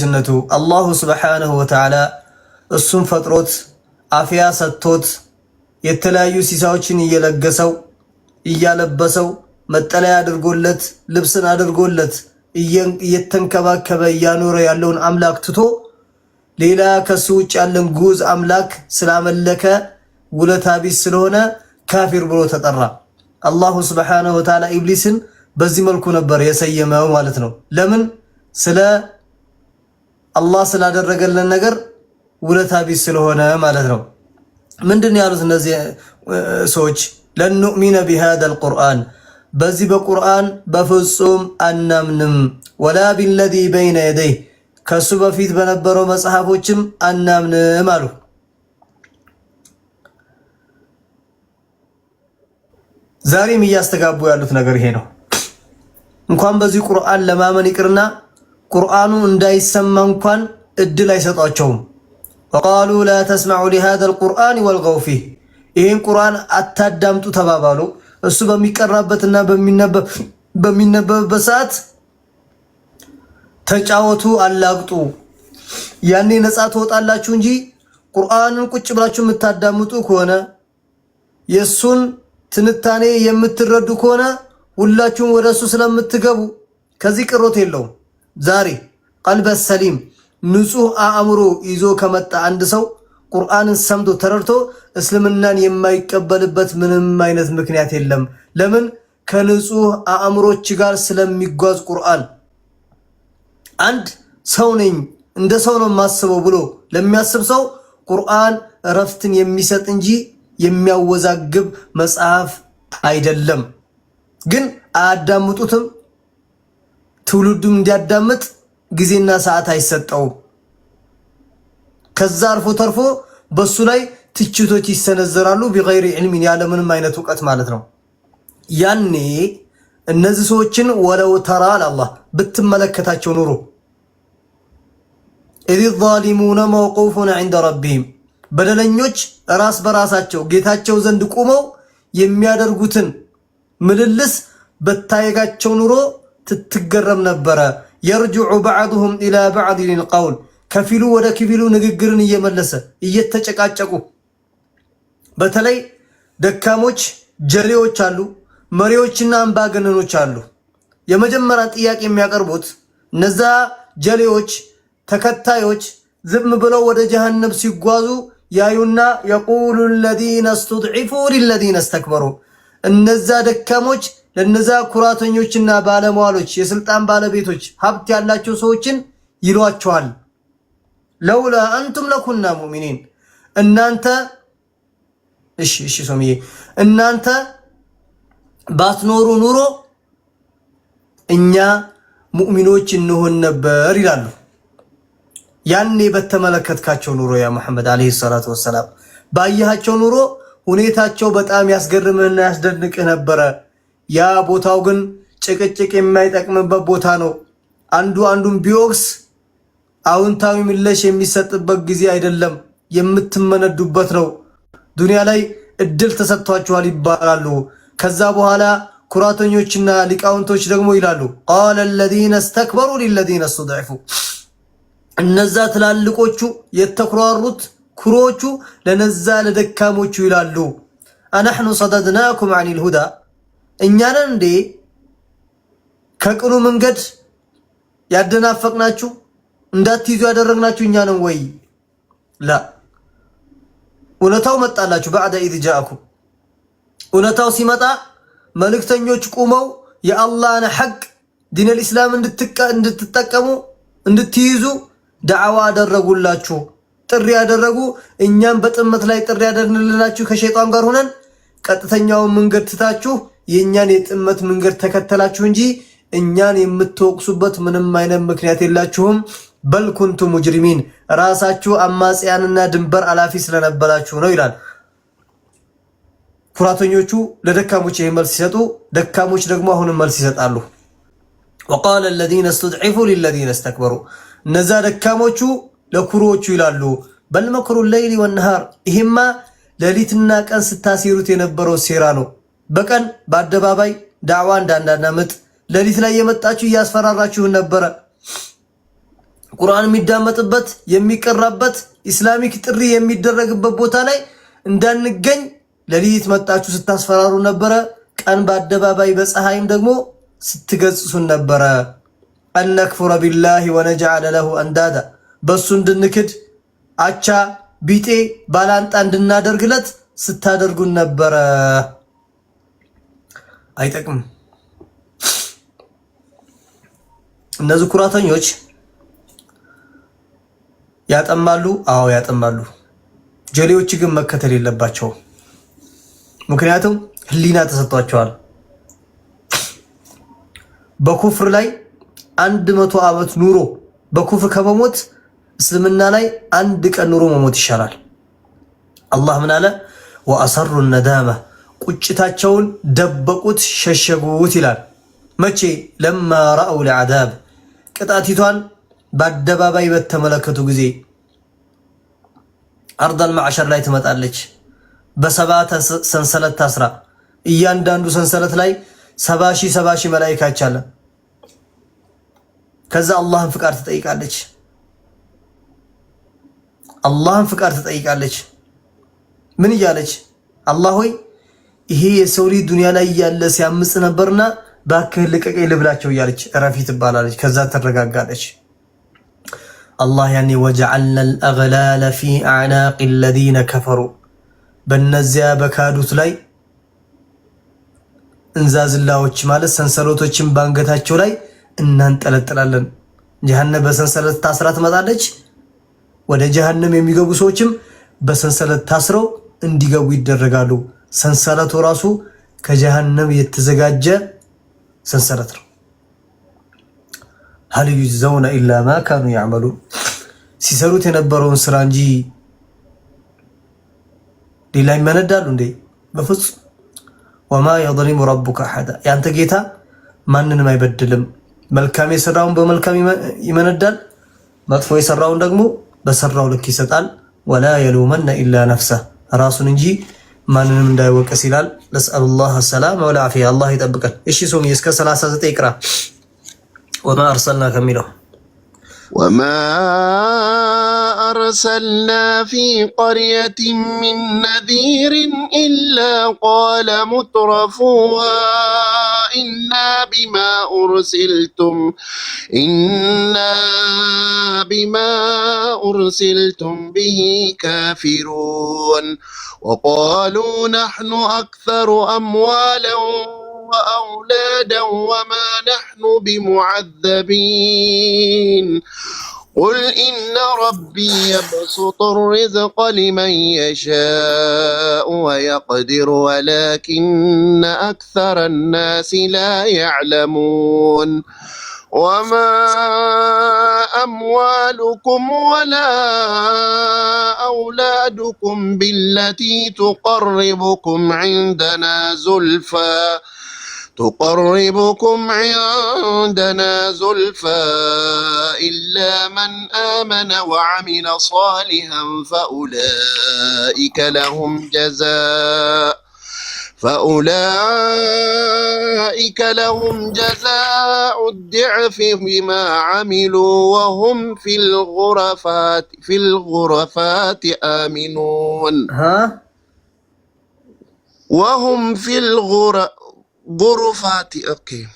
ስነቱ አላሁ ስብሓነሁ ወተዓላ እሱን ፈጥሮት አፍያ ሰጥቶት የተለያዩ ሲሳዎችን እየለገሰው እያለበሰው መጠለያ አድርጎለት ልብስን አድርጎለት እየተንከባከበ እያኖረ ያለውን አምላክ ትቶ ሌላ ከሱ ውጭ ያለን ጉዝ አምላክ ስላመለከ ውለታ ቢስ ስለሆነ ካፊር ብሎ ተጠራ። አላሁ ስብሓነሁ ወተዓላ ኢብሊስን በዚህ መልኩ ነበር የሰየመው ማለት ነው። ለምን ስለ አላህ ስላደረገልን ነገር ውለታ ቢስ ስለሆነ ማለት ነው። ምንድን ያሉት እነዚህ ሰዎች ለንኡሚነ ቢሃደል ቁርአን በዚህ በቁርአን በፍጹም አናምንም፣ ወላ ቢለዚ በይነ የደይህ ከሱ በፊት በነበረው መጽሐፎችም አናምንም አሉ። ዛሬም እያስተጋቡ ያሉት ነገር ይሄ ነው። እንኳን በዚህ ቁርአን ለማመን ይቅርና ቁርአኑ እንዳይሰማ እንኳን እድል አይሰጧቸውም። ወቃሉ ላ ተስማዑ ሊሃዛ ልቁርአን ወልገው ፊህ ይህን ቁርአን አታዳምጡ ተባባሉ። እሱ በሚቀራበትና በሚነበብበት ሰዓት ተጫወቱ፣ አላግጡ። ያኔ ነፃ ትወጣላችሁ እንጂ ቁርአንን ቁጭ ብላችሁ የምታዳምጡ ከሆነ የእሱን ትንታኔ የምትረዱ ከሆነ ሁላችሁም ወደ እሱ ስለምትገቡ ከዚህ ቅሮት የለውም። ዛሬ ቀልበ ሰሊም ንጹህ አእምሮ ይዞ ከመጣ አንድ ሰው ቁርአንን ሰምቶ ተረድቶ እስልምናን የማይቀበልበት ምንም አይነት ምክንያት የለም። ለምን? ከንጹህ አእምሮች ጋር ስለሚጓዝ ቁርአን። አንድ ሰው ነኝ እንደ ሰው ነው የማስበው ብሎ ለሚያስብ ሰው ቁርአን እረፍትን የሚሰጥ እንጂ የሚያወዛግብ መጽሐፍ አይደለም። ግን አያዳምጡትም ትውልዱም እንዲያዳምጥ ጊዜና ሰዓት አይሰጠውም። ከዛ አርፎ ተርፎ በሱ ላይ ትችቶች ይሰነዘራሉ፣ ቢገይሪ ዕልሚን ያለምንም አይነት እውቀት ማለት ነው። ያኔ እነዚህ ሰዎችን ወለው ተራ አላህ ብትመለከታቸው ኑሮ ኢዝ ዛሊሙነ መውቁፉን ዐንደ ረቢሂም በደለኞች ራስ በራሳቸው ጌታቸው ዘንድ ቁመው የሚያደርጉትን ምልልስ በታየጋቸው ኑሮ ትገረም ነበረ። የርጅዑ በዕዱሁም ኢላ በዕድ ልልቀውል ከፊሉ ወደ ክፊሉ ንግግርን እየመለሰ እየተጨቃጨቁ በተለይ ደካሞች ጀሌዎች አሉ፣ መሪዎችና አምባገነኖች አሉ። የመጀመሪያ ጥያቄ የሚያቀርቡት እነዛ ጀሌዎች ተከታዮች ዝም ብለው ወደ ጀሃነም ሲጓዙ ያዩና የቁሉ ለዚነ ስተድዒፉ ሊለዚነ ስተክበሩ እነዛ ደካሞች ለነዛ ኩራተኞችና ባለመዋሎች የስልጣን ባለቤቶች ሀብት ያላቸው ሰዎችን ይሏቸዋል። ለውላ አንቱም ለኩና ሙእሚኒን እናንተ እሺ እሺ ሶምዬ እናንተ ባትኖሩ ኑሮ እኛ ሙእሚኖች እንሆን ነበር ይላሉ። ያኔ በተመለከትካቸው ኑሮ ያ መሐመድ አለይሂ ሰላቱ ወሰላም ባያቸው ኑሮ ሁኔታቸው በጣም ያስገርምህና ያስደንቅህ ነበረ። ያ ቦታው ግን ጭቅጭቅ የማይጠቅምበት ቦታ ነው። አንዱ አንዱን ቢወቅስ አውንታዊ ምላሽ የሚሰጥበት ጊዜ አይደለም፣ የምትመነዱበት ነው። ዱንያ ላይ እድል ተሰጥቷችኋል ይባላሉ። ከዛ በኋላ ኩራተኞችና ሊቃውንቶች ደግሞ ይላሉ ቃለ ለዚነ እስተክበሩ ሊለዚነ ስተድዕፉ እነዛ ትላልቆቹ የተኩራሩት ኩሮቹ ለነዛ ለደካሞቹ ይላሉ አናሕኑ ሰደድናኩም አን ልሁዳ እኛንን እንዴ ከቅኑ መንገድ ያደናፈቅናችሁ እንዳትይዙ ያደረግናችሁ እኛ ወይ? ላ እውነታው መጣላችሁ። በዕደ ኢዝ ጃአኩም እውነታው ሲመጣ መልእክተኞች ቁመው የአላህን ሐቅ ዲን አልኢስላም እንድትጠቀሙ እንድትይዙ ዳዕዋ አደረጉላችሁ፣ ጥሪ ያደረጉ። እኛም በጥመት ላይ ጥሪ ያደርንልናችሁ ከሸይጣን ጋር ሆነን ቀጥተኛውን መንገድ ትታችሁ የእኛን የጥመት መንገድ ተከተላችሁ እንጂ እኛን የምትወቅሱበት ምንም አይነት ምክንያት የላችሁም። በልኩንቱ ሙጅሪሚን ራሳችሁ አማጽያንና ድንበር አላፊ ስለነበራችሁ ነው ይላል። ኩራተኞቹ ለደካሞች ይህ መልስ ሲሰጡ፣ ደካሞች ደግሞ አሁንም መልስ ይሰጣሉ። ወቃለ ለዚነ ስተድዒፉ ሊለዚነ ስተክበሩ እነዛ ደካሞቹ ለኩሮዎቹ ይላሉ በልመክሩ ሌይሊ ወነሃር ይህማ ሌሊትና ቀን ስታሲሩት የነበረው ሴራ ነው። በቀን በአደባባይ ዳዕዋ እንዳናዳምጥ ሌሊት ላይ የመጣችሁ እያስፈራራችሁን ነበረ። ቁርአን የሚዳመጥበት የሚቀራበት ኢስላሚክ ጥሪ የሚደረግበት ቦታ ላይ እንዳንገኝ ሌሊት መጣችሁ ስታስፈራሩ ነበረ። ቀን በአደባባይ በፀሐይም ደግሞ ስትገጽሱን ነበረ። አነክፉረ ቢላሂ ወነጅዐለ ለሁ አንዳዳ በሱ እንድንክድ አቻ ቢጤ ባላንጣ እንድናደርግለት ስታደርጉን ነበረ። አይጠቅምም። እነዚህ ኩራተኞች ያጠማሉ። አዎ ያጠማሉ። ጀሌዎች ግን መከተል የለባቸው ምክንያቱም ህሊና ተሰጥቷቸዋል። በኩፍር ላይ አንድ መቶ ዓመት ኑሮ በኩፍር ከመሞት እስልምና ላይ አንድ ቀን ኑሮ መሞት ይሻላል። አላህ ምን አለ? ወአሰሩ ነዳማ። ቁጭታቸውን ደበቁት፣ ሸሸጉት ይላል። መቼ ለማ ረአው ልዓዛብ ቅጣቲቷን በአደባባይ በተመለከቱ ጊዜ አርዳል ማዕሸር ላይ ትመጣለች። በሰባ ሰንሰለት ታስራ እያንዳንዱ ሰንሰለት ላይ ሰባ ሺህ ሰባ ሺህ መላይካች አለ። ከዛ አላህን ፍቃድ ትጠይቃለች። አላህን ፍቃድ ትጠይቃለች። ምን እያለች አላህ ሆይ ይሄ የሰው ልጅ ዱንያ ላይ እያለ ሲያምጽ ነበርና ባክህ ልቀቀኝ ልብላቸው እያለች ረፊ ትባላለች። ከዛ ትረጋጋለች። አላህ ያኔ ወጀዐልና አልአግላለ ፊ አዕናቅ ለዚነ ከፈሩ በነዚያ በካዱት ላይ እንዛዝላዎች ማለት ሰንሰለቶችን በአንገታቸው ላይ እናንጠለጥላለን። ጀሃነም በሰንሰለት ታስራ ትመጣለች። ወደ ጀሃነም የሚገቡ ሰዎችም በሰንሰለት ታስረው እንዲገቡ ይደረጋሉ። ሰንሰለቱ ራሱ ከጀሃነም የተዘጋጀ ሰንሰለት ነው። ሀል ዩዘውነ ኢላ ማ ካኑ ያዕመሉ ሲሰሩት የነበረውን ስራ እንጂ ሌላ ይመነዳሉ እንዴ? በፍጹም ወማ የظሊሙ ረቡከ አሓዳ ያንተ ጌታ ማንንም አይበድልም። መልካም የሰራውን በመልካም ይመነዳል፣ መጥፎ የሰራውን ደግሞ በሰራው ልክ ይሰጣል። ወላ የሉመነ ኢላ ነፍሰ ራሱን እንጂ ማንንም እንዳይወቀስ ይላል። ነስአሉ ላህ ሰላም ወል ዓፊያ አላህ ይጠብቀን። እሺ ሶሚ እስከ 39 ይቅራ። ወማ አርሰልና ከሚለው ወማ አርሰልና ፊ ቀርየት ሚን ነዚር ኢላ ቃለ ሙትረፉሃ إنا بما أرسلتم إنا بما أرسلتم به كافرون وقالوا نحن أكثر أموالا وأولادا وما نحن بمعذبين قل إن ربي يبسط الرزق لمن يشاء ويقدر ولكن أكثر الناس لا يعلمون وما أموالكم ولا أولادكم بالتي تقربكم عندنا زلفاً تقربكم عندنا زلفى إلا من آمن وعمل صالحا فأولئك لهم جزاء فأولئك لهم جزاء الضعف بما عملوا وهم في الغرفات في الغرفات آمنون ها وهم في الغرف غرفات اوكي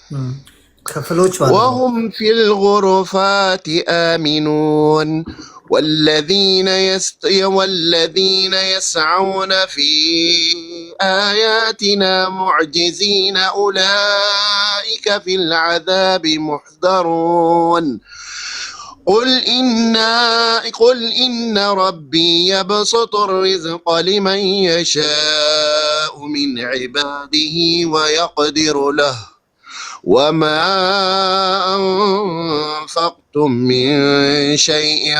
وهم في الغرفات آمنون والذين يس والذين يسعون في آياتنا معجزين أولئك في العذاب محذرون قل إن قل إن ربي يبسط الرزق لمن يشاء من عباده ويقدر له وما أنفقتم من شيء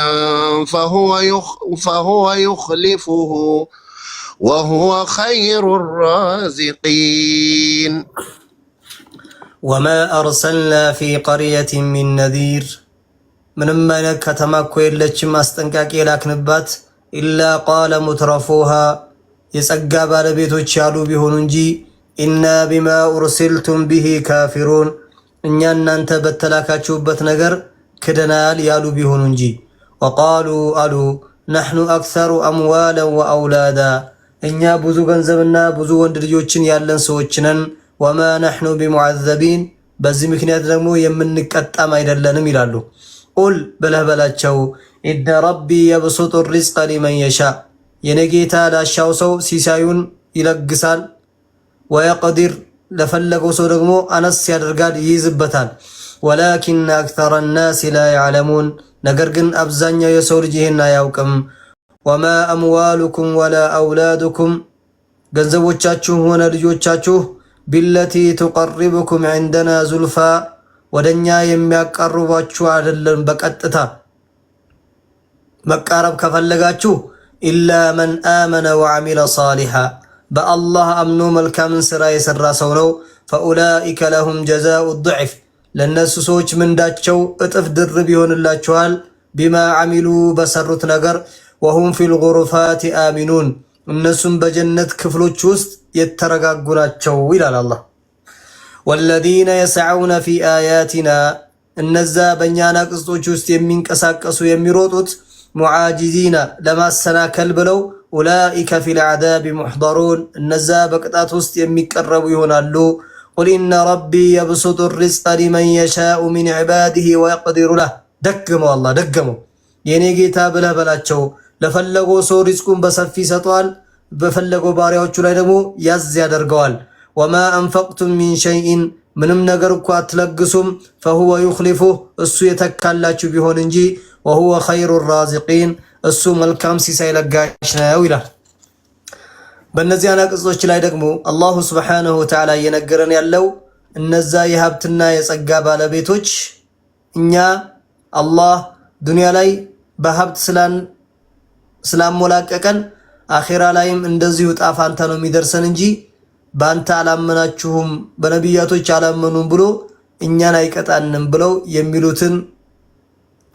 فهو يخ فهو يخلفه وهو خير الرازقين وما أرسلنا في قرية من نذير من አይነት ከተማ እኮ የለችም አስጠንቃቂ የላክንባት إلا قال مترفوها የጸጋ ባለቤቶች ያሉ ቢሆኑ እንጂ ኢና ቢማ ኡርሲልቱም ቢሂ ካፊሩን እኛ እናንተ በተላካችሁበት ነገር ክደናል ያሉ ቢሆኑ እንጂ ወቃሉ አሉ ናሕኑ አክሰሩ አምዋላን ወአውላዳ እኛ ብዙ ገንዘብና ብዙ ወንድ ልጆችን ያለን ሰዎች ነን። ወማ ናሕኑ ቢሙዓዘቢን በዚህ ምክንያት ደግሞ የምንቀጣም አይደለንም ይላሉ። ቁል ብለህ በላቸው ኢነ ረቢ የብሱጡ ሪዝቀ ሊመን የሻእ የነጌታ ላሻው ሰው ሲሳዩን ይለግሳል። ወየቅዲር ለፈለገው ሰው ደግሞ አነስ ያደርጋል ይይዝበታል። ወላኪን አክተረ ናስ ላ ያዕለሙን ነገር ግን አብዛኛው የሰው ልጅ ይህን አያውቅም። ወማ አምዋሉኩም ወላ አውላዱኩም ገንዘቦቻችሁ ሆነ ልጆቻችሁ ቢለቲ ቱቀሪቡኩም ዐንደና ዙልፋ ወደኛ የሚያቀርቧችሁ አይደለም። በቀጥታ መቃረብ ከፈለጋችሁ ኢላ መን አመነ ወዓሚለ ሳሊሓ በአላህ አምኖ መልካምን ስራ የሰራ ሰው ነው። ፈኡላኢከ ለሁም ጀዛኡ ዱዕፍ ለእነሱ ሰዎች ምንዳቸው እጥፍ ድርብ ይሆንላቸዋል። ቢማ አሚሉ በሰሩት ነገር ወሁም ፊል ጉሩፋት አሚኑን እነሱም በጀነት ክፍሎች ውስጥ የተረጋጉ ናቸው ይላል አላህ። ወለዚነ የሰዐውነ ፊ አያቲና እነዛ በእኛ አናቅጾች ውስጥ የሚንቀሳቀሱ የሚሮጡት ሙዓጂዚና ለማሰናከል ብለው ኡላኢከ ፊል አዕዛቢ ሙሕደሩን እነዛ በቅጣት ውስጥ የሚቀረቡ ይሆናሉ። ቁል ኢነ ረቢ የብሱጡ ርዝቀ ሊመን የሻኡ ሚን ዕባዲሂ ወየቅዲሩ ለህ። ደግመው አላህ ደግመው የእኔ ጌታ ብለህ በላቸው። ለፈለገው ሰው ሪዝቁን በሰፊ ይሰጠዋል፣ በፈለገው ባሪያዎቹ ላይ ደግሞ ያዝ ያደርገዋል። ወማ አንፈቅቱም ሚን ሸይኢን ምንም ነገር እኳ አትለግሱም፣ ፈሁወ ዩኽሊፉህ እሱ የተካላችሁ ቢሆን እንጂ ወሁወ ኸይሩ ራዚቂን እሱ መልካም ሲሳይ ለጋሽ ነው ይላል። በእነዚህ አናቅጾች ላይ ደግሞ አላሁ ስብሓነሁ ወተዓላ እየነገረን ያለው እነዛ የሀብትና የጸጋ ባለቤቶች እኛ አላህ ዱንያ ላይ በሀብት ስላሞላቀቀን አኼራ ላይም እንደዚሁ ጣፋንታ ነው የሚደርሰን እንጂ በአንተ አላመናችሁም፣ በነቢያቶች አላመኑም ብሎ እኛን አይቀጣንም ብለው የሚሉትን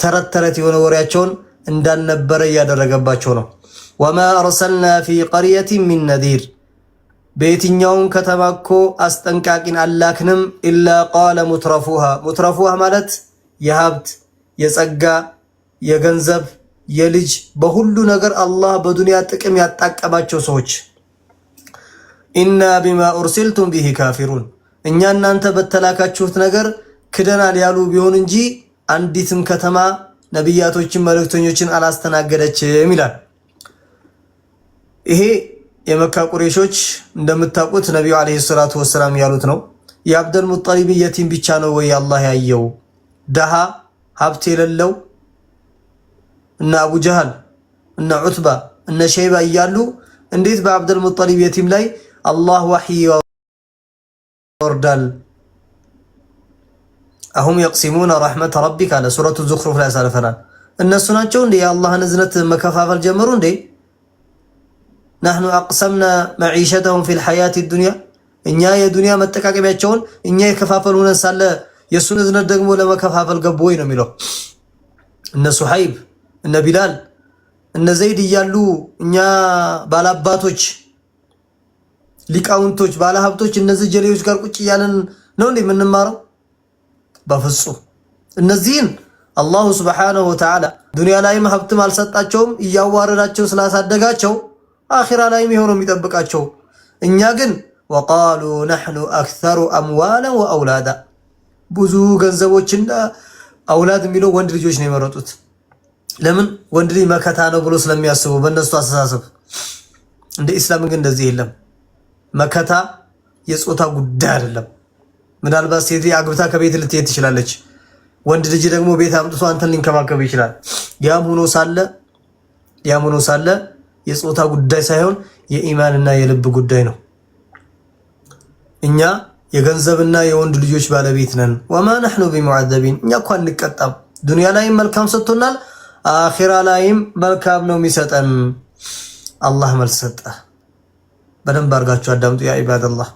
ተረት ተረት የሆነ ወሬያቸውን እንዳልነበረ እያደረገባቸው ነው። ወማ አርሰልና ፊ ቀርየቲን ሚን ነዲር በየትኛውም ከተማ እኮ አስጠንቃቂን አላክንም። ኢላ ቃለ ሙትረፉሃ ሙትረፉሃ ማለት የሀብት የጸጋ የገንዘብ የልጅ በሁሉ ነገር አላህ በዱንያ ጥቅም ያጣቀማቸው ሰዎች ኢና ቢማ ኡርሲልቱም ቢሂ ካፊሩን እኛ እናንተ በተላካችሁት ነገር ክደናል ያሉ ቢሆን እንጂ አንዲትም ከተማ ነቢያቶችን መልእክተኞችን አላስተናገደችም ይላል። ይሄ የመካ ቁሬሾች እንደምታውቁት ነቢዩ ዓለይሂ ሰላቱ ወሰላም ያሉት ነው። የአብደል ሙጠሊብ የቲም ብቻ ነው ወይ አላህ ያየው? ደሃ ሀብት የሌለው እነ አቡ ጀሃል እነ ዑትባ እነ ሸይባ እያሉ እንዴት በአብደል ሙጠሊብ የቲም ላይ አላህ ዋሕይ ያወርዳል? አሁም የቅሲሙነ ረሕመተ ረቢክ አለ ሱረቱ ዙኽሩፍ ላይ ያሳልፈናል። እነሱ ናቸው እንዴ የአላህን እዝነት መከፋፈል ጀመሩ እንዴ? ናሕኑ አቅሰምና መዒሸተሁም ፊል ሐያቲ ዱንያ እኛ የዱንያ መጠቃቀሚያቸውን እኛ የከፋፈል ሆነን ሳለ የእሱን እዝነት ደግሞ ለመከፋፈል ገቡ ወይ ነው የሚለው። እነ ሱሐይብ እነ ቢላል እነ ዘይድ እያሉ እኛ ባላባቶች፣ ሊቃውንቶች፣ ባለሀብቶች እነዚህ ጀሌዎች ጋር ቁጭ እያለን ነው እንዴ የምንማረው? በፍጹም እነዚህን አላሁ ስብሓነሁ ወተዓላ ዱንያ ላይም ሀብትም አልሰጣቸውም እያዋረዳቸው ስላሳደጋቸው አኺራ ላይም የሆነው የሚጠብቃቸው። እኛ ግን ወቃሉ ነሕኑ አክተሩ አምዋላን ወአውላዳ ብዙ ገንዘቦችና አውላድ የሚለው ወንድ ልጆች ነው የመረጡት። ለምን? ወንድ ልጅ መከታ ነው ብሎ ስለሚያስቡ በእነሱ አስተሳሰብ። እንደ ኢስላም ግን እንደዚህ የለም። መከታ የጾታ ጉዳይ አይደለም። ምናልባት ሴት አግብታ ከቤት ልትሄድ ትችላለች። ወንድ ልጅ ደግሞ ቤት አምጥቶ አንተን ሊንከባከብ ይችላል። ያም ሆኖ ሳለ ያም ሆኖ ሳለ የጾታ ጉዳይ ሳይሆን የኢማንና የልብ ጉዳይ ነው። እኛ የገንዘብና የወንድ ልጆች ባለቤት ነን። ወማ ነሕኑ ቢሙዓዘቢን እኛ እኮ አንቀጣም። ዱንያ ላይም መልካም ሰጥቶናል፣ አኺራ ላይም መልካም ነው የሚሰጠን። አላህ መልስ ሰጠ። በደንብ አድርጋችሁ አዳምጡ ያ ኢባደላህ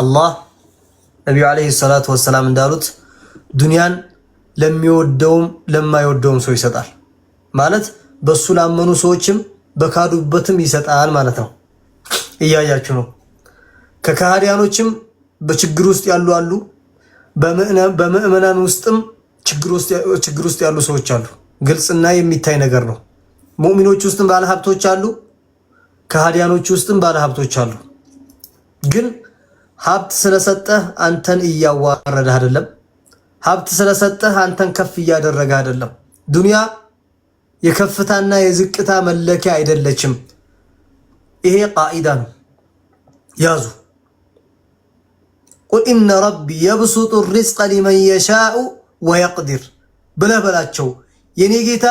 አላህ ነቢዩ ዓለይሂ ሰላቱ ወሰላም እንዳሉት ዱንያን ለሚወደውም ለማይወደውም ሰው ይሰጣል ማለት በሱ ላመኑ ሰዎችም በካዱበትም ይሰጣል ማለት ነው። እያያችሁ ነው። ከካህዲያኖችም በችግር ውስጥ ያሉ አሉ። በምዕመናን ውስጥም ችግር ውስጥ ያሉ ሰዎች አሉ። ግልጽና የሚታይ ነገር ነው። ሙእሚኖች ውስጥም ባለሀብቶች አሉ። ከሃዲያኖች ውስጥም ባለ ሀብቶች አሉ። ግን ሀብት ስለሰጠህ አንተን እያዋረደ አይደለም። ሀብት ስለሰጠህ አንተን ከፍ እያደረገ አይደለም። ዱንያ የከፍታና የዝቅታ መለኪያ አይደለችም። ይሄ ቃኢዳ ነው፣ ያዙ። ቁል ኢነ ረቢ የብሱጡ ሪዝቀ ሊመን የሻኡ ወየቅድር ብለህ በላቸው። የኔ ጌታ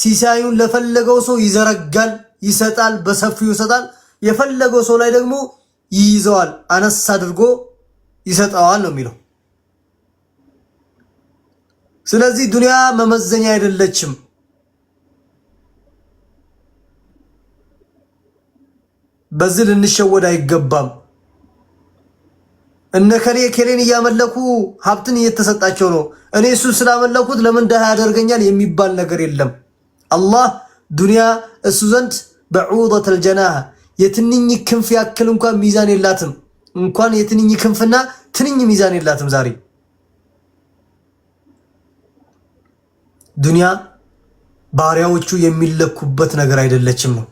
ሲሳዩን ለፈለገው ሰው ይዘረጋል፣ ይሰጣል፣ በሰፊው ይሰጣል። የፈለገው ሰው ላይ ደግሞ ይይዘዋል፣ አነስ አድርጎ ይሰጠዋል ነው የሚለው። ስለዚህ ዱንያ መመዘኛ አይደለችም። በዚህ ልንሸወድ አይገባም። እነ ከሌ ከሌን እያመለኩ ሀብትን እየተሰጣቸው ነው። እኔ እሱ ስላመለኩት ለምን ደሃ ያደርገኛል የሚባል ነገር የለም። አላህ ዱንያ እሱ ዘንድ በዑደተል ጀናህ የትንኝ ክንፍ ያክል እንኳን ሚዛን የላትም። እንኳን የትንኝ ክንፍና ትንኝ ሚዛን የላትም። ዛሬ ዱንያ ባሪያዎቹ የሚለኩበት ነገር አይደለችም ነው።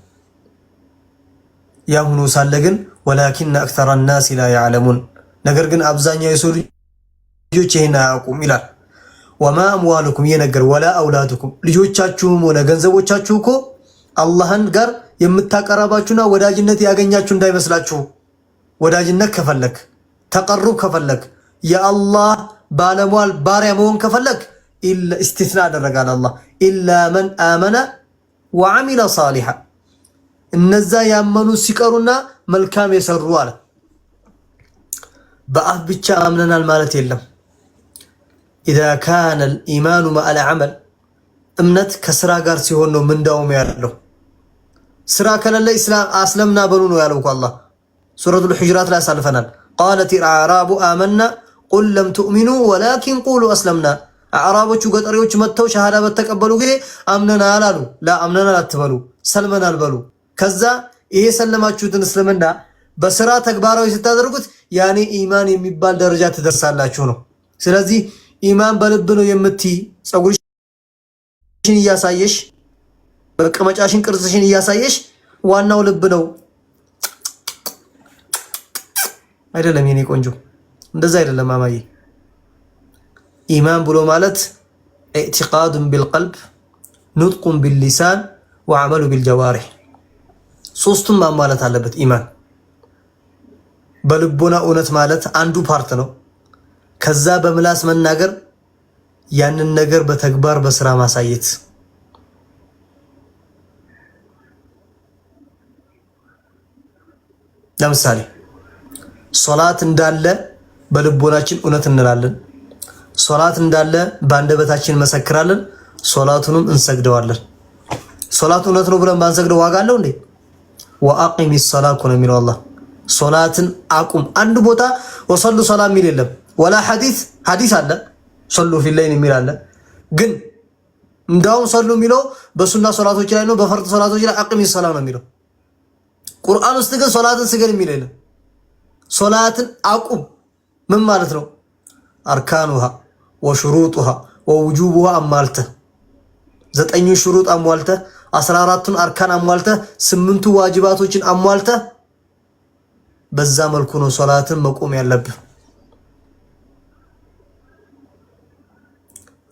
ያም ሆኖ ሳለ ግን ወላኪን አክተራ ናስ ላ ያዕለሙን፣ ነገር ግን አብዛኛው የሰው ልጆች ይሄን አያውቁም ይላል። ወማ አምዋልኩም ይህ ነገር ወላ አውላድኩም፣ ልጆቻችሁም ሆነ ገንዘቦቻችሁ እኮ አላህን ጋር የምታቀራባችሁና ወዳጅነት ያገኛችሁ እንዳይመስላችሁ። ወዳጅነት ከፈለክ ተቀሩብ ከፈለክ የአላህ ባለሟል ባሪያ መሆን ከፈለክ ኢስትስና አደረጋል አላህ ኢላ መን አመነ ወአሚለ ሳሊሐ እነዛ ያመኑ ሲቀሩና መልካም የሰሩ አለ። በአፍ ብቻ አምነናል ማለት የለም። ኢዛ ካነ ልኢማኑ መአል ዓመል እምነት ከስራ ጋር ሲሆን ነው ምንዳውም ያለው ስራ ከሌለ አስለምና በሉ ነው ያለው እኮ አላህ ሱረቱል ሑጅራት ላይ አሳልፈናል። ቃለት አዕራቡ አመና ቁል ለም ትእሚኑ ወላኪን ቁሉ አስለምና። አዕራቦቹ ገጠሪዎች መጥተው ሻሃዳ በተቀበሉ ጊዜ አምነናል አሉ። አምነናል አትበሉ፣ ሰልመናል በሉ። ከዛ ይሄ የሰለማችሁትን እስልምና በስራ ተግባራዊ ስታደርጉት ያኔ ኢማን የሚባል ደረጃ ትደርሳላችሁ ነው። ስለዚህ ኢማን በልብ ነው የምትይ ፀጉርሽን እያሳየሽ መቀመጫሽን ቅርጽሽን እያሳየሽ ዋናው ልብ ነው አይደለም? የኔ ቆንጆ እንደዛ አይደለም ማማዬ ኢማን ብሎ ማለት ኢዕቲቃዱን ቢልቀልብ ኑጥቁን ቢልሊሳን ወዐመሉ ቢልጀዋሪህ ሶስቱም ማሟላት አለበት። ኢማን በልቦና እውነት ማለት አንዱ ፓርት ነው። ከዛ በምላስ መናገር፣ ያንን ነገር በተግባር በስራ ማሳየት ለምሳሌ ሶላት እንዳለ በልቦናችን እውነት እንላለን። ሶላት እንዳለ በአንደበታችን እንመሰክራለን። ሶላቱንም እንሰግደዋለን። ሶላት እውነት ነው ብለን ባንሰግደው ዋጋ አለው እንዴ? ወአቂሚ ሶላ እኮ ነው የሚለው አላህ። ሶላትን አቁም። አንድ ቦታ ወሰሉ ሶላ የሚል የለም። ወላ ሐዲስ ሐዲስ አለ ሰሉ ፊለይን የሚል አለ። ግን እንዳውም ሰሉ የሚለው በሱና ሶላቶች ላይ ነው። በፈርድ ሶላቶች ላይ አቂሚ ሶላ ነው የሚለው ቁርአን ውስጥ ግን ሶላትን ስገድ የሚል የለም። ሶላትን አቁም ምን ማለት ነው? አርካኑሃ ወሽሩጡሃ ወውጁቡሃ አሟልተ ዘጠኙ ሽሩጥ አሟልተ አስራ አራቱን አርካን አሟልተ ስምንቱ ዋጅባቶችን አሟልተ በዛ መልኩ ነው ሶላትን መቆም ያለብህ።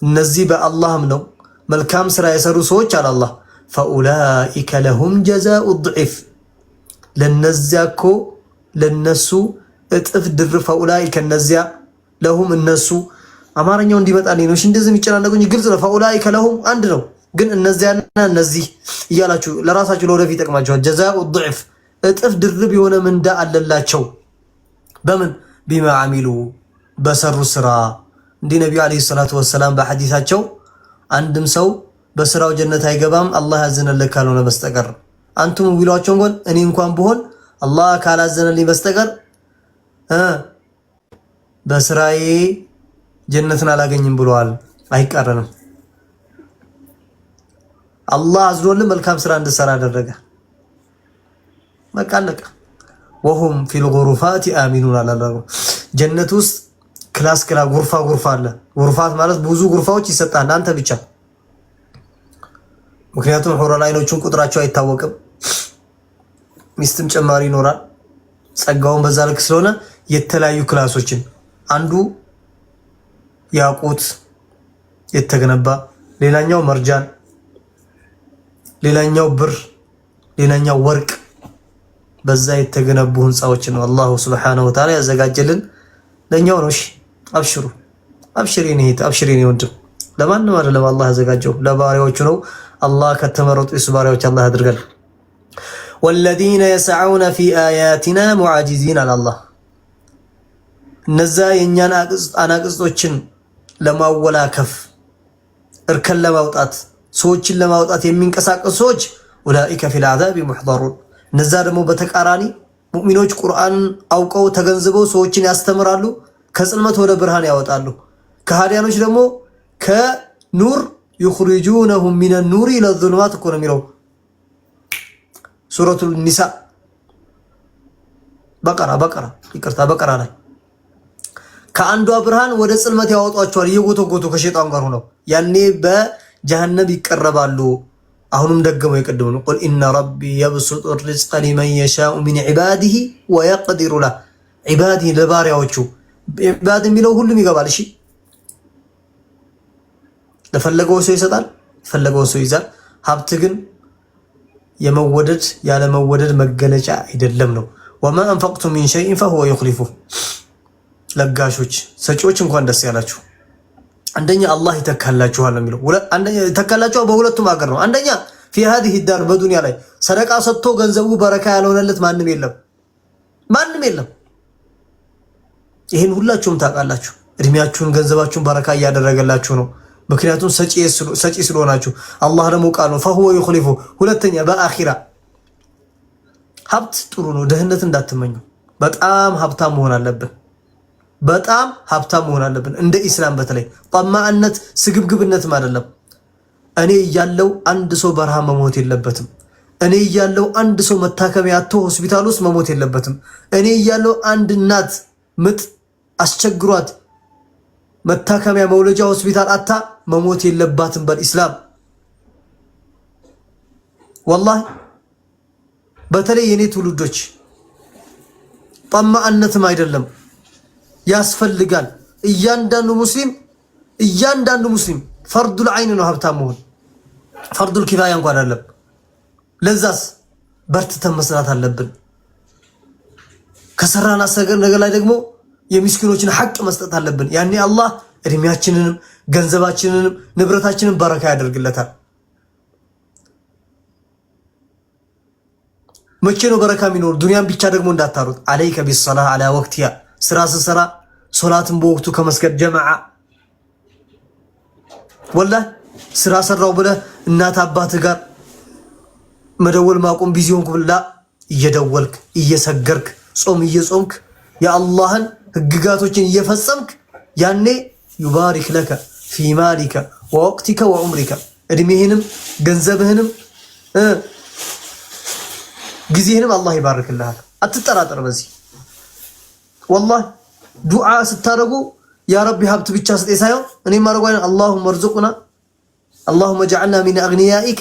እነዚህ በአላህም ነው መልካም ስራ የሰሩ ሰዎች አለ አላህ ፈኡላኢከ ለሁም ጀዛኡ ዱዒፍ ለነዚያ እኮ ለነሱ እጥፍ ድርፋ ኡላኢከ ከነዚያ ለሁም እነሱ አማርኛው እንዲመጣ ነው። እሺ እንደዚህ የሚጨናነቁኝ ግልጽ ነው። ፈኡላኢከ ከለሁም አንድ ነው፣ ግን እነዚያና እነዚህ እያላችሁ ለራሳችሁ ለወደፊት ይጠቅማችኋል። ጀዛኡ ዱዕፍ እጥፍ ድርብ የሆነ ምንዳ አለላቸው። በምን ቢማ አሚሉ በሰሩ ስራ። እንዲህ ነቢዩ አለይሂ ሰላቱ ወሰላም በሐዲሳቸው አንድም ሰው በስራው ጀነት አይገባም አላህ ያዝነለት ካልሆነ በስተቀር አንቱም ቢሏቸው እንኳን እኔ እንኳን ብሆን አላህ ካላዘነልኝ በስተቀር በስራዬ ጀነትን አላገኝም ብለዋል። አይቃረንም። አላህ አዝኖልን መልካም ስራ እንድሰራ አደረገ። በቃ አለቀ። ወሁም ፊል ጉሩፋት አሚኑን አላላሉ። ጀነት ውስጥ ክላስ ክላ ጉርፋ ጉርፋ አለ። ጉርፋት ማለት ብዙ ጉርፋዎች ይሰጣል አንተ ብቻ ምክንያቱም ሆሮ ላይኖቹን ቁጥራቸው አይታወቅም። ሚስትም ጨማሪ ይኖራል። ጸጋውን በዛ ልክ ስለሆነ የተለያዩ ክላሶችን አንዱ ያቁት የተገነባ ሌላኛው መርጃን፣ ሌላኛው ብር፣ ሌላኛው ወርቅ በዛ የተገነቡ ህንፃዎችን ነው አላሁ ስብሓነሁ ወተዓላ ያዘጋጀልን ለእኛው ነው። አብሽሩ፣ አብሽሪ፣ እኔ እህት፣ አብሽሪ፣ ለማንም አይደለም አላህ ያዘጋጀው ለባሪያዎቹ ነው። አላህ ከተመረጡ የሱ ባሪያዎች አላህ ያድርገን። ወለዚነ የሰዓውነ ፊ አያቲና ሙዓጂዚን አለ አላህ። እነዛ የእኛን አናቅጾችን ለማወላከፍ እርከን ለማውጣት ሰዎችን ለማውጣት የሚንቀሳቀሱ ሰዎች ኡላኢከ ፊል አዛቢ ሙሕደሩን። እነዛ ደግሞ በተቃራኒ ሙእሚኖች ቁርአን አውቀው ተገንዝበው ሰዎችን ያስተምራሉ፣ ከጽልመት ወደ ብርሃን ያወጣሉ። ከሃዲያኖች ደግሞ ከኑር ዩኽሪጁነሁም ሚነ ኑሪ ኢለ ዙልማት እኮ ነው የሚለው ሱረቱ ኒሳ በቀራ በቀራ ይቅርታ በቀራ ላይ ከአንዷ ብርሃን ወደ ጽልመት ያወጧቸዋል እየጎተጎቱ ከሸይጣን ጋር ሆነው ያኔ በጀሃነም ይቀረባሉ። አሁንም ደግመው የቀድሙን ቁል ኢነ ረቢ የብሱጡ ሪዝቀ ሊመን የሻኡ ሚን ዒባዲሂ ወየቅዲሩ ላ ዒባዲሂ ለባሪያዎቹ ዒባድ የሚለው ሁሉም ይገባል። እሺ ለፈለገው ሰው ይሰጣል፣ ፈለገው ሰው ይዛል። ሀብት ግን የመወደድ ያለመወደድ መገለጫ አይደለም ነው። ወማ አንፈቅቱ ሚን ሸይን ፈሁወ ዩኽሊፉ። ለጋሾች ሰጪዎች እንኳን ደስ ያላችሁ። አንደኛ አላህ ይተካላችኋል ነው የሚለው። አንደኛ ይተካላችኋል በሁለቱም ሀገር ነው። አንደኛ ፊ ሀዚህ ዳር በዱንያ ላይ ሰደቃ ሰጥቶ ገንዘቡ በረካ ያልሆነለት ማንም የለም፣ ማንም የለም። ይህን ሁላችሁም ታውቃላችሁ። እድሜያችሁን ገንዘባችሁን በረካ እያደረገላችሁ ነው። ምክንያቱም ሰጪ ስለሆናችሁ አላህ ደግሞ ቃል ነው ፈሁወ ዩኽሊፉ። ሁለተኛ በአራ ሀብት ጥሩ ነው፣ ድህነት እንዳትመኙ። በጣም ሀብታም መሆን አለብን። በጣም ሀብታም መሆን አለብን። እንደ ኢስላም በተለይ ጠማዕነት ስግብግብነትም አይደለም። እኔ እያለው አንድ ሰው በረሃ መሞት የለበትም። እኔ እያለው አንድ ሰው መታከሚያ አቶ ሆስፒታል ውስጥ መሞት የለበትም። እኔ እያለው አንድ እናት ምጥ አስቸግሯት መታከሚያ መውለጃ ሆስፒታል አታ መሞት የለባትም። በልኢስላም ወላሂ በተለይ የኔት ትውልዶች ጠማዕነትም አይደለም ያስፈልጋል። እያንዳንዱ ሙስሊም እያንዳንዱ ሙስሊም ፈርዱል አይን ነው ሀብታም መሆን ፈርዱል ኪፋያ እንኳን አይደለም። ለዛስ በርትተን መስራት አለብን። ከሰራን አሰገር ነገር ላይ ደግሞ የሚስኪኖችን ሐቅ መስጠት አለብን። ያኔ አላህ እድሜያችንንም ገንዘባችንንም ንብረታችንን በረካ ያደርግለታል። መቼ ነው በረካ የሚኖሩ ዱንያን ብቻ ደግሞ እንዳታሩት። አለይከ ቢሰላ አላ ወቅትያ ስራ ስሰራ ሶላትን በወቅቱ ከመስገድ ጀማዓ ወላ ስራ ሰራው ብለ እናት አባት ጋር መደወል ማቆም ቢዚ ሆንኩ ብላ እየደወልክ እየሰገርክ ጾም እየጾምክ የአላህን ህግጋቶችን እየፈጸምክ ያኔ ዩባሪክ ለከ ፊ ማሊከ ወወቅቲከ ወዑምሪከ እድሜህንም ገንዘብህንም ጊዜህንም አላህ ይባርክልሃል። አትጠራጠር በዚህ ወላሂ ዱዓ ስታደርጉ ያ ረቢ ሀብት ብቻ ስጤ ሳይሆን እኔም አደርጉ አላሁመ እርዙቅና አላሁመ ጃዓልና ሚን አግንያኢክ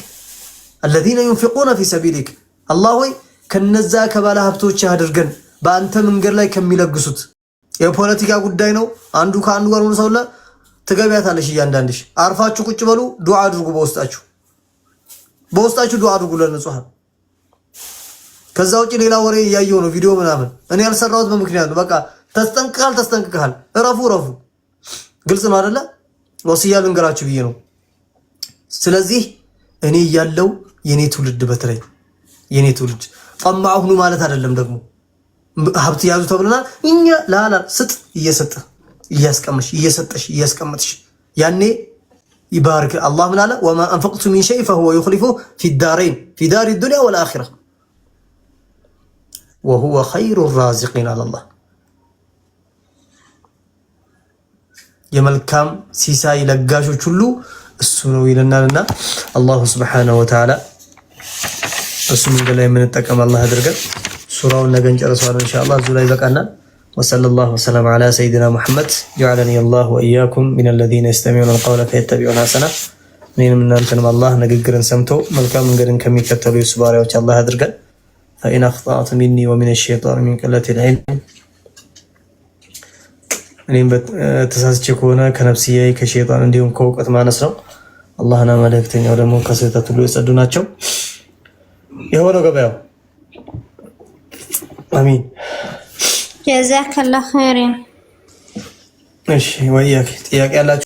አለዚነ ዩንፊቁነ ፊ ሰቢሊክ አላህ ሆይ ከነዛ ከባለ ሀብቶች አድርገን በአንተ መንገድ ላይ ከሚለግሱት የፖለቲካ ጉዳይ ነው። አንዱ ከአንዱ ጋር ሆኖ ሰውለ ትገቢያታለሽ። እያንዳንድሽ አርፋችሁ ቁጭ በሉ፣ ዱዓ አድርጉ። በውስጣችሁ በውስጣችሁ ዱዓ አድርጉ ለንጹሃን። ከዛ ውጭ ሌላ ወሬ እያየው ነው፣ ቪዲዮ ምናምን። እኔ ያልሰራሁት በምክንያት ነው። በቃ ተስጠንቅቃል፣ ተስጠንቅቃል። እረፉ፣ እረፉ። ግልጽ ነው አይደለ? ወስያ ልንገራችሁ ብዬ ነው። ስለዚህ እኔ እያለው የኔ ትውልድ በተለይ የኔ ትውልድ ጠማሁ ማለት አይደለም ደግሞ ሀብት ያዙ ተብለናል እኛ ላላ ስጥ እየሰጠ እያስቀምሽ እየሰጠሽ እያስቀምጥሽ ያኔ ይባርክ አላህ ምን አለ ወማ አንፈቅቱ ሚን ሸይ ፈሁወ ዩኽሊፉ ፊዳረይን ፊዳሪ ዱንያ ወልአኺራ ወሁወ ኸይሩ ራዚቂን አላህ የመልካም ሲሳይ ለጋሾች ሁሉ እሱ ነው ይለናልና አላሁ ስብሓነሁ ወተዓላ እሱ መንገድ ላይ የምንጠቀም አላህ አድርገን ሱራውን ነገ እንጨርሰዋለን ኢንሻአላህ። እዚሁ ላይ ይበቃናል። ወሰለላሁ ወሰለም ዓላ ሰይድና ሙሐመድ ጀዐለኒ አላህ ወኢያኩም ሚነ ለዚነ የስተሚዑነ ልቀውለ ፈየተቢዑነ ሐሰና። እኔንም እናንተንም አላህ ንግግርን ሰምቶ መልካም መንገድን ከሚከተሉ የሱ ባሪያዎች አላህ አድርገን። ፈኢን አኽጣአቱ ሚኒ ወሚነ ሸይጣን ሚን ቂለቲል ዒልም እኔም ተሳስቼ ከሆነ ከነፍስዬ ከሸይጣን እንዲሁም ከእውቀት ማነስ ነው። አላህና መልእክተኛው ደግሞ ከስህተት ሁሉ የጸዱ ናቸው። የሆነው ገበያው امين جزاك الله خير ماشي وياك ياك الله